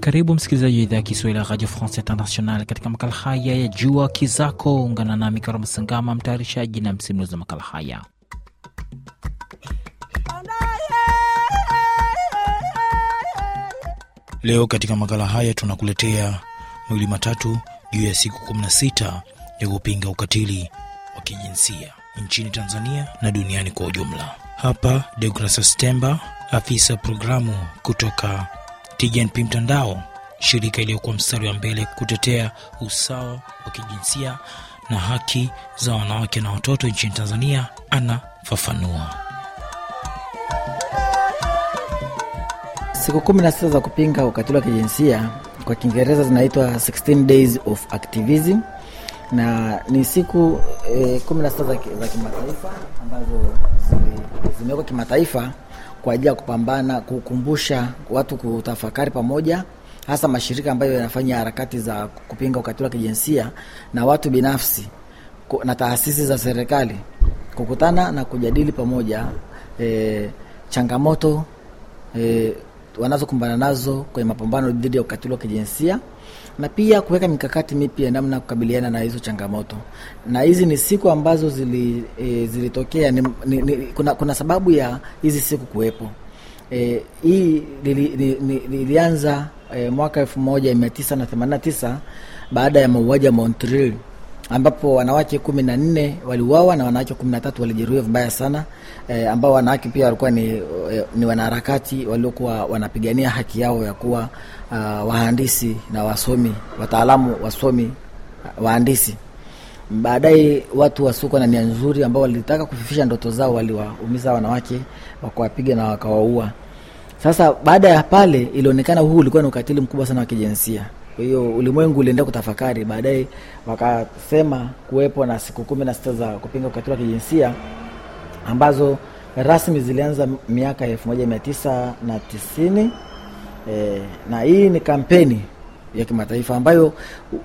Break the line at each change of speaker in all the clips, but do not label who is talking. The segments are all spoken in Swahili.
Karibu msikilizaji wa idhaa ya Kiswahili ya Radio France International katika makala haya ya Jua Kizako. Ungana nami Karoma Sangama, mtayarishaji na msimulizi wa makala haya. Leo katika makala haya tunakuletea mawili matatu juu ya siku 16 ya kupinga ukatili wa kijinsia nchini Tanzania na duniani kwa ujumla. Hapa Deograsa Stemba, afisa programu kutoka TGNP Mtandao, shirika iliyokuwa mstari wa mbele kutetea usawa wa kijinsia na haki za wanawake na watoto nchini Tanzania, anafafanua.
Siku sita za kupinga ukatili wa kijinsia kwa Kiingereza zinaitwa 16 days of activism na ni siku eh, na 16 za kimataifa ambazo zimewekwa kimataifa kwa ajili ya kupambana, kukumbusha watu kutafakari pamoja, hasa mashirika ambayo yanafanya harakati za kupinga ukatili wa kijinsia na watu binafsi na taasisi za serikali kukutana na kujadili pamoja e, changamoto e, wanazokumbana nazo kwenye mapambano dhidi ya ukatili wa kijinsia na pia kuweka mikakati mipya ya namna kukabiliana na hizo changamoto. Na hizi ni siku ambazo zili, e, zilitokea ni, ni, ni, kuna, kuna sababu ya hizi siku kuwepo. E, hii lilianza e, mwaka 1989 baada ya mauaji ya Montreal ambapo wanawake kumi na nne waliuawa na wanawake kumi na tatu walijeruhiwa vibaya sana e, ambao wanawake pia walikuwa ni, eh, ni wanaharakati waliokuwa wanapigania haki yao ya kuwa uh, wahandisi na wasomi wataalamu wasomi ah, wahandisi. Baadaye watu wasiokuwa na nia nzuri ambao walitaka kufifisha ndoto zao waliwaumiza wanawake wakawapiga na wakawaua. Sasa baada ya pale, ilionekana huu ulikuwa ni ukatili mkubwa sana wa kijinsia kwa hiyo ulimwengu uliendea kutafakari, baadaye wakasema kuwepo na siku kumi na sita za kupinga ukatili wa kijinsia ambazo rasmi zilianza miaka elfu moja mia tisa na tisini e, na hii ni kampeni ya kimataifa ambayo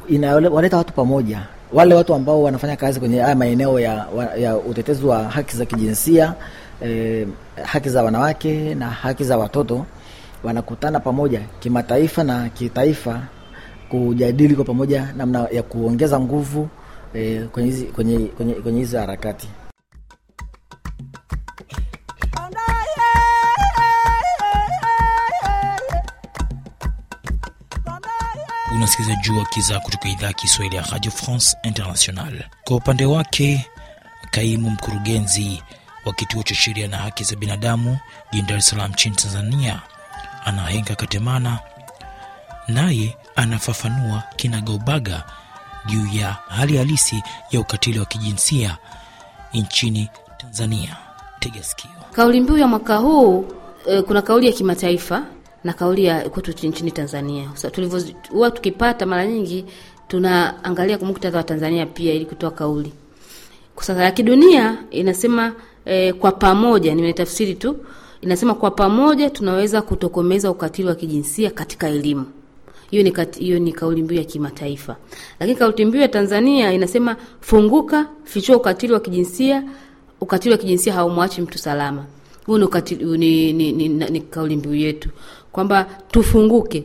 inawaleta watu pamoja, wale watu ambao wanafanya kazi kwenye haya maeneo ya, ya utetezi wa haki za kijinsia e, haki za wanawake na haki za watoto wanakutana pamoja kimataifa na kitaifa kujadili kwa pamoja namna ya kuongeza nguvu eh, kwenye hizi kwenye, kwenye, kwenye harakati.
Unasikiliza juu akizaa kutoka idhaa ya Kiswahili ya Radio France International. Kwa upande wake, kaimu mkurugenzi wa kituo cha sheria na haki za binadamu jijini Dar es Salaam nchini Tanzania, Anahenga Katemana, naye anafafanua kinagaubaga juu ya hali halisi ya ukatili wa kijinsia nchini Tanzania. Tega sikio.
Kauli mbiu ya mwaka huu e, kuna kauli ya kimataifa na kauli ya kwetu nchini Tanzania. So, tulivyohuwa tukipata mara nyingi tunaangalia kwa muktadha wa Tanzania pia ili kutoa kauli. Kwa sasa ya kidunia inasema e, kwa pamoja, nimetafsiri tu, inasema kwa pamoja tunaweza kutokomeza ukatili wa kijinsia katika elimu. Hiyo ni hiyo ni kauli mbiu ya kimataifa, lakini kauli mbiu ya Tanzania inasema funguka, fichua ukatili wa kijinsia. Ukatili wa kijinsia haumwachi mtu salama. Huu ni, ni, ni, ni, ni kauli mbiu yetu kwamba tufunguke.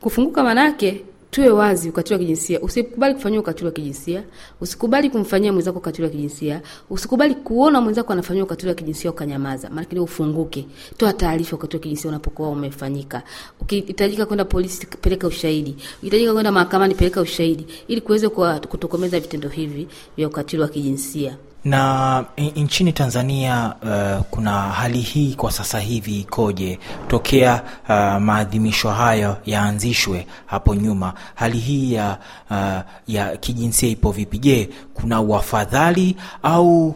Kufunguka manake tuwe wazi, ukatili wa kijinsia. Usikubali kufanyiwa ukatili wa kijinsia, usikubali kumfanyia mwenzako ukatili wa kijinsia, usikubali kuona mwenzako anafanyiwa ukatili wa kijinsia ukanyamaza. Maana kile ufunguke, toa taarifa ukatili wa kijinsia unapokuwa umefanyika. Ukihitajika kwenda polisi, peleka ushahidi. Ukihitajika kwenda mahakamani, peleka ushahidi ili kuweze kutokomeza vitendo hivi vya ukatili wa kijinsia.
Na nchini Tanzania uh, kuna hali hii kwa sasa hivi ikoje? Tokea uh, maadhimisho hayo yaanzishwe hapo nyuma, hali hii ya, uh, ya kijinsia ipo vipi? Je, kuna uafadhali au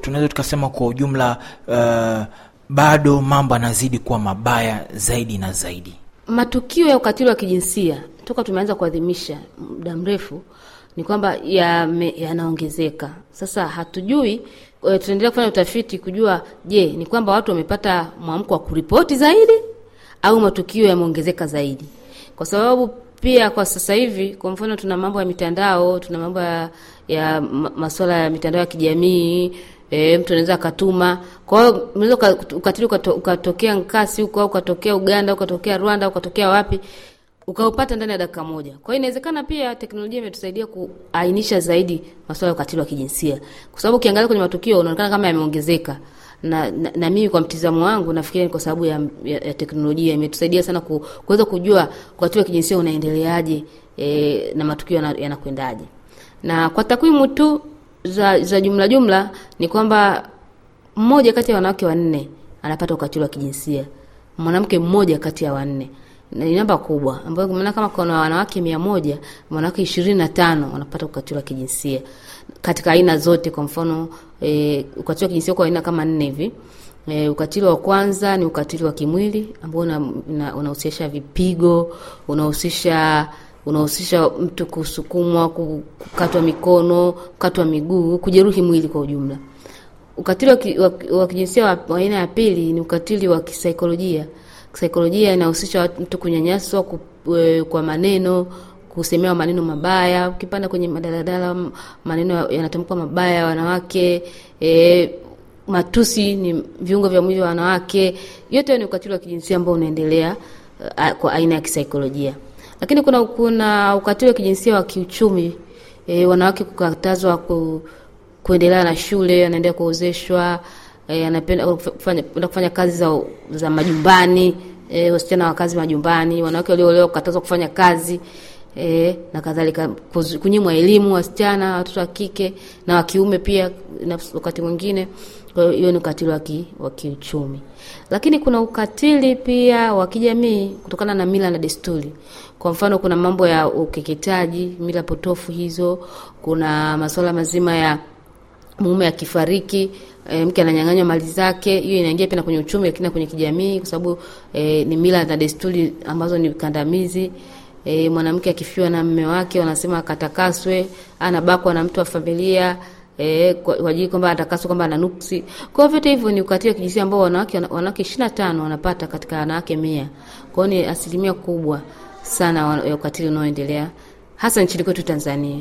tunaweza tukasema kwa ujumla uh, bado mambo yanazidi kuwa mabaya zaidi na zaidi?
Matukio ya ukatili wa kijinsia toka tumeanza kuadhimisha muda mrefu ni kwamba yanaongezeka ya sasa hatujui eh, tunaendelea kufanya utafiti kujua, je, ni kwamba watu wamepata mwamko wa kuripoti zaidi au matukio yameongezeka zaidi? Kwa sababu pia kwa sasa hivi, kwa mfano, tuna mambo ya mitandao, tuna mambo ya, ya masuala ya mitandao ya kijamii e, mtu anaweza akatuma. kwao hiyo unaweza ukatili ukatokea Nkasi huko au ukatokea Uganda, ukatokea Rwanda, ukatokea wapi, ukaupata ndani ya dakika moja. Kwa hiyo inawezekana pia teknolojia imetusaidia kuainisha zaidi masuala ya ukatili wa kijinsia, kwa sababu ukiangalia kwenye matukio unaonekana kama yameongezeka. Na, na, na mimi kwa mtizamo wangu nafikiri ni kwa sababu ya, ya, ya teknolojia imetusaidia sana ku, kuweza kujua ukatili wa kijinsia unaendeleaje, e, na matukio yanakwendaje. Na kwa takwimu tu za, za jumla jumla ni kwamba mmoja kati ya wanawake wanne anapata ukatili wa kijinsia, mwanamke mmoja kati ya wanne ni namba kubwa ambayo maana kama kuna wanawake mia moja wanawake ishirini na tano wanapata ukatili wa kijinsia katika aina zote. Kwa mfano e, ukatili wa kijinsia kwa aina kama nne hivi. E, ukatili wa kwanza ni ukatili wa kimwili ambao unahusisha vipigo, unahusisha unahusisha mtu kusukumwa, kukatwa mikono, kukatwa miguu, kujeruhi mwili kwa ujumla. Ukatili wa kijinsia wa aina ya pili ni ukatili wa kisaikolojia Saikolojia inahusisha mtu kunyanyaswa e, kwa maneno, kusemewa maneno mabaya. Ukipanda kwenye madaladala, maneno yanatamkwa mabaya ya wanawake e, matusi ni viungo vya mwili wa wanawake. Yote ni ukatili wa kijinsia ambao unaendelea kwa aina ya kisaikolojia. Lakini kuna kuna ukatili wa kijinsia wa kiuchumi e, wanawake kukatazwa ku, kuendelea na shule, anaendelea kuozeshwa e, anapenda kufanya, kufanya kazi za, za majumbani e, wasichana wa kazi majumbani, wanawake walioolewa kukatazwa kufanya kazi e, na kadhalika, kunyimwa elimu wasichana, watoto wa kike na wa kiume pia wakati mwingine. Kwa hiyo ni ukatili wa kiuchumi, lakini kuna ukatili pia wa kijamii kutokana na mila na desturi. Kwa mfano, kuna mambo ya ukeketaji, mila potofu hizo, kuna masuala mazima ya mume akifariki e, mke ananyang'anywa mali zake. Hiyo inaingia pia kwenye uchumi, lakini kwenye kijamii, kwa sababu e, ni mila na desturi ambazo ni kandamizi. E, mwanamke akifiwa na mume wake wanasema akatakaswe, anabakwa na mtu wa familia e, kwa kwa ajili kwamba atakaswa kwamba ana nuksi. Kwa hiyo vyote hivyo ni ukatili wa kijinsia ambao wanawake wanawake 25 wanapata katika wanawake 100. Kwa hiyo ni asilimia kubwa sana ya ukatili unaoendelea hasa nchini kwetu Tanzania.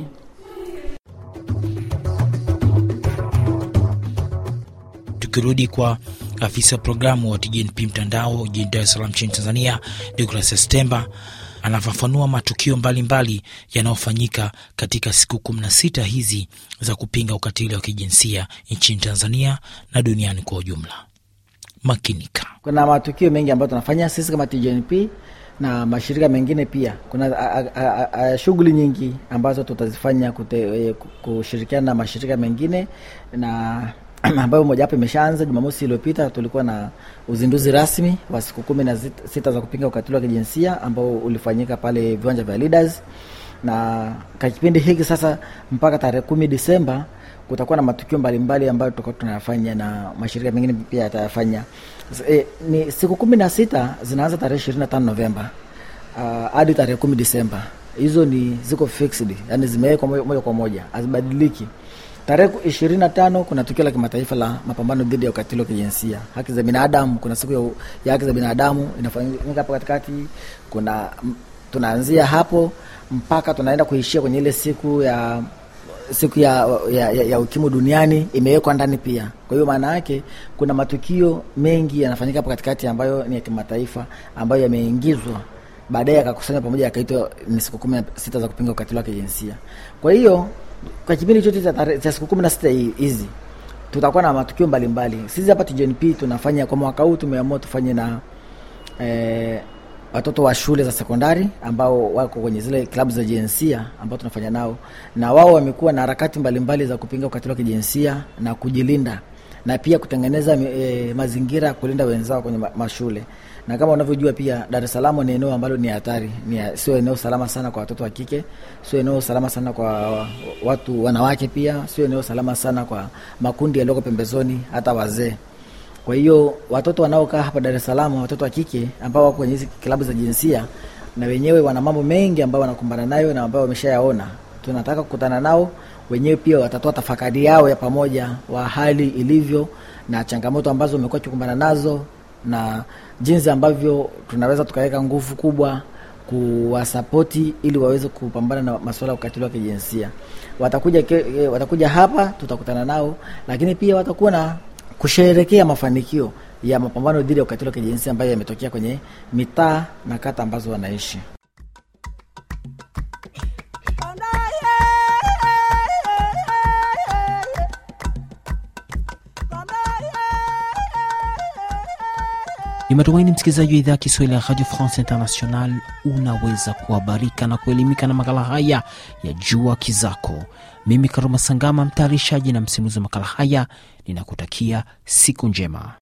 Tukirudi kwa afisa programu wa TGNP mtandao jijini Dar es Salaam nchini Tanzania, Douglas Stemba anafafanua matukio mbalimbali yanayofanyika katika siku kumi na sita hizi za kupinga ukatili wa kijinsia nchini Tanzania na duniani kwa ujumla. Makinika,
kuna matukio mengi ambayo tunafanya sisi kama TGNP na mashirika mengine pia. Kuna shughuli nyingi ambazo tutazifanya eh, kushirikiana na mashirika mengine na ambayo moja mojawapo imeshaanza. Jumamosi iliyopita tulikuwa na uzinduzi rasmi wa siku kumi na sita za kupinga ukatili wa kijinsia ambao ulifanyika pale viwanja vya Leaders, na kwa kipindi hiki sasa mpaka tarehe kumi Disemba kutakuwa na matukio mbalimbali ambayo tutakuwa tunayafanya na mashirika mengine pia yatayafanya. E, ni siku kumi na sita zinaanza tarehe ishirini na tano Novemba ah, hadi uh, tarehe kumi Disemba. Hizo ni ziko fixed, yani zimewekwa moja kwa moja, hazibadiliki. Tarehe tano kuna tukio la kimataifa la mapambano dhidi ya ukatili wa kijinsia, haki za binadamu. Kuna siku ya, ya haki za binadamu inafanyika hapo katikati. Kuna tunaanzia hapo mpaka tunaenda kuishia kwenye ile siku ya siku ya, ya, ya, ya ukimwi duniani imewekwa ndani pia. Kwa hiyo maana yake kuna matukio mengi yanafanyika hapo katikati ambayo ni ya kimataifa ambayo yameingizwa baadaye yakakusanywa pamoja yakaitwa ni siku kumi na sita za kupinga ukatili wa kijinsia. Kwa hiyo kwa kipindi chote cha siku kumi na sita hizi tutakuwa na matukio mbalimbali mbali. Sisi hapa TGNP tunafanya kwa mwaka huu tumeamua tufanye na eh, watoto wa shule za sekondari ambao wako kwenye zile klabu za jinsia ambao tunafanya nao, na wao wamekuwa na harakati mbalimbali za kupinga ukatili wa kijinsia na kujilinda na pia kutengeneza e, mazingira ya kulinda wenzao kwenye mashule na kama unavyojua pia Dar es Salaam ni eneo ambalo ni hatari, ni sio eneo salama sana kwa watoto wa kike, sio eneo salama sana kwa watu wanawake, pia sio eneo salama sana kwa makundi yaliyoko pembezoni, hata wazee. Kwa hiyo watoto wanaokaa hapa Dar es Salaam, watoto wa kike ambao wako kwenye hizi klabu za jinsia, na wenyewe wana mambo mengi ambayo wanakumbana nayo na ambayo wameshayaona. Tunataka kukutana nao wenyewe pia watatoa tafakari yao ya pamoja wa hali ilivyo na changamoto ambazo wamekuwa kikumbana nazo na jinsi ambavyo tunaweza tukaweka nguvu kubwa kuwasapoti ili waweze kupambana na masuala ya ukatili wa kijinsia. Watakuja, eh, watakuja hapa tutakutana nao, lakini pia watakuwa na kusherekea mafanikio ya mapambano dhidi ya ukatili wa kijinsia ambayo yametokea kwenye mitaa na kata ambazo wanaishi.
Ni matumaini msikilizaji wa idhaa ya Kiswahili ya Radio France International unaweza kuhabarika na kuelimika na makala haya ya Jua Kizako. Mimi Karuma Sangama, mtayarishaji na msimulizi wa makala haya, ninakutakia siku njema.